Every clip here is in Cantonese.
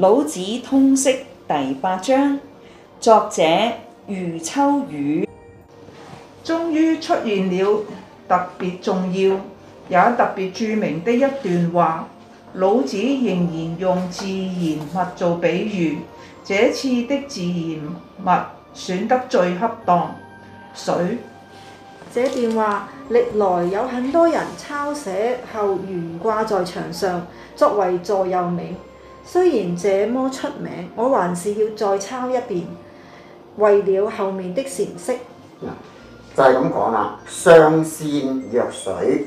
老子通釋第八章，作者余秋雨。終於出現了特別重要也特別著名的一段話。老子仍然用自然物做比喻，這次的自然物選得最恰當，水。這段話歷來有很多人抄寫後懸掛在牆上，作為座右銘。雖然這麼出名，我還是要再抄一遍，為了後面的闡釋、嗯。就係咁講啦。上善若水，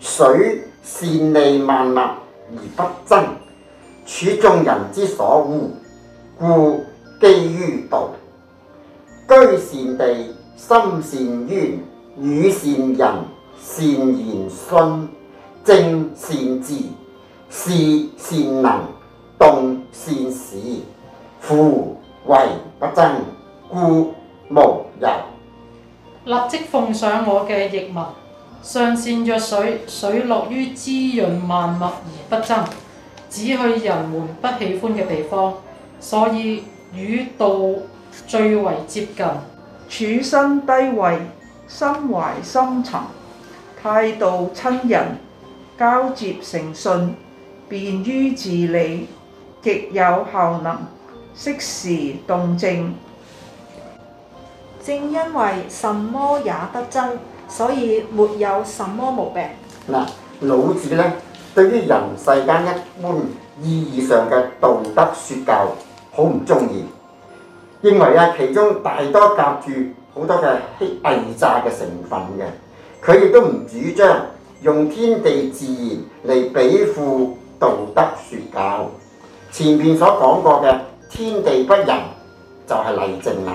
水善利萬物而不爭，處眾人之所惡，故幾於道。居善地，心善淵，與善人，善言，信，正善治，是善能。動善事。夫唯不爭，故無尤。立即奉上我嘅譯文：上善若水，水樂於滋潤萬物而不爭，只去人們不喜歡嘅地方，所以與道最為接近。處身低位，心懷深沉，態度親人，交接誠信，便於自理。極有效能，適時動靜。正因為什麼也不爭，所以沒有什麼毛病。老子咧，對於人世間一般意義上嘅道德説教好唔鍾意，認為其中大多夾住好多嘅欺偽詐嘅成分嘅。佢亦都唔主張用天地自然嚟比附道德説教。前面所講過嘅天地不仁就係例證啦。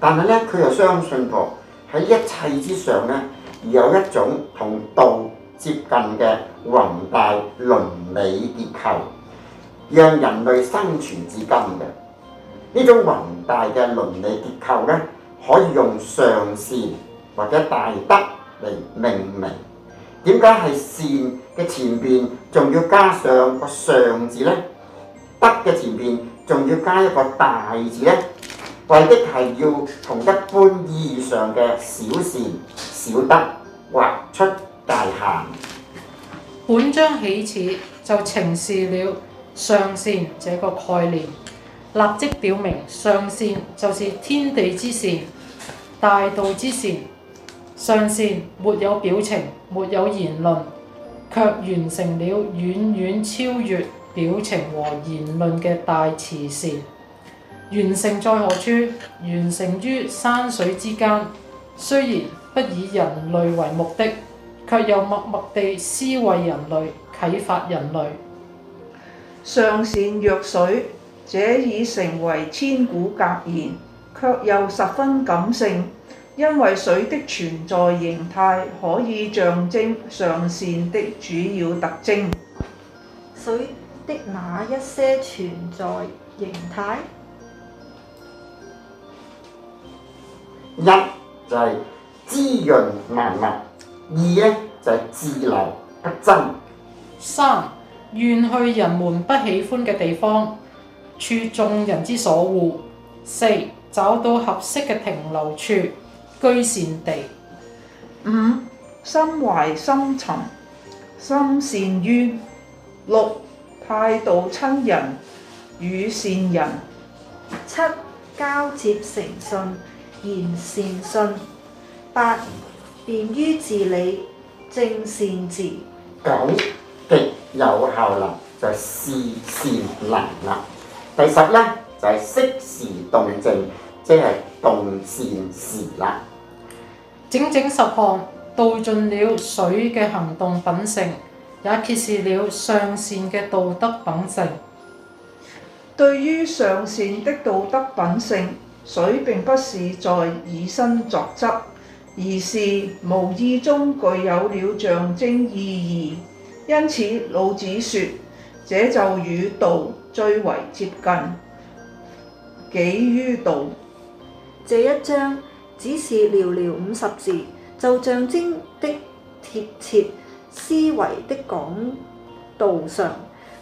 但係咧，佢又相信過喺一切之上咧，有一種同道接近嘅宏大倫理結構，讓人類生存至今嘅呢種宏大嘅倫理結構咧，可以用上善或者大德嚟命名。點解係善嘅前面仲要加上個上字呢？德嘅前面仲要加一個大字咧，為的係要同一般意義上嘅小善、小德劃出界限。本章起始就呈示了上善這個概念，立即表明上善就是天地之善、大道之善。上善沒有表情，沒有言論，卻完成了遠遠超越。表情和言論嘅大慈善，完成在何處？完成於山水之間。雖然不以人類為目的，卻又默默地思維人類、啟發人類。上善若水，這已成為千古格言，卻又十分感性，因為水的存在形態可以象徵上善的主要特徵。水的那一些存在形態，一就係滋潤萬物；二咧就係自流不爭；三願去人們不喜歡嘅地方，處眾人之所惡；四找到合適嘅停留處，居善地；五心懷深沉，心善淵；六，態度親人與善人，七交接誠信言善信，八便於治理正善治，九極有效能就事善能啦。第十咧就係適時動靜，即係動善時啦。整整十項道盡了水嘅行動品性。也揭示了上善嘅道德品性。對於上善的道德品性，水並不是在以身作則，而是無意中具有了象徵意義。因此，老子說，這就與道最為接近，幾於道。這一章只是寥寥五十字，就象徵的貼切。思維的講道上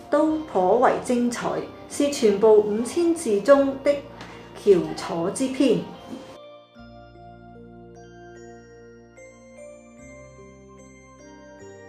都頗為精彩，是全部五千字中的翹楚之篇。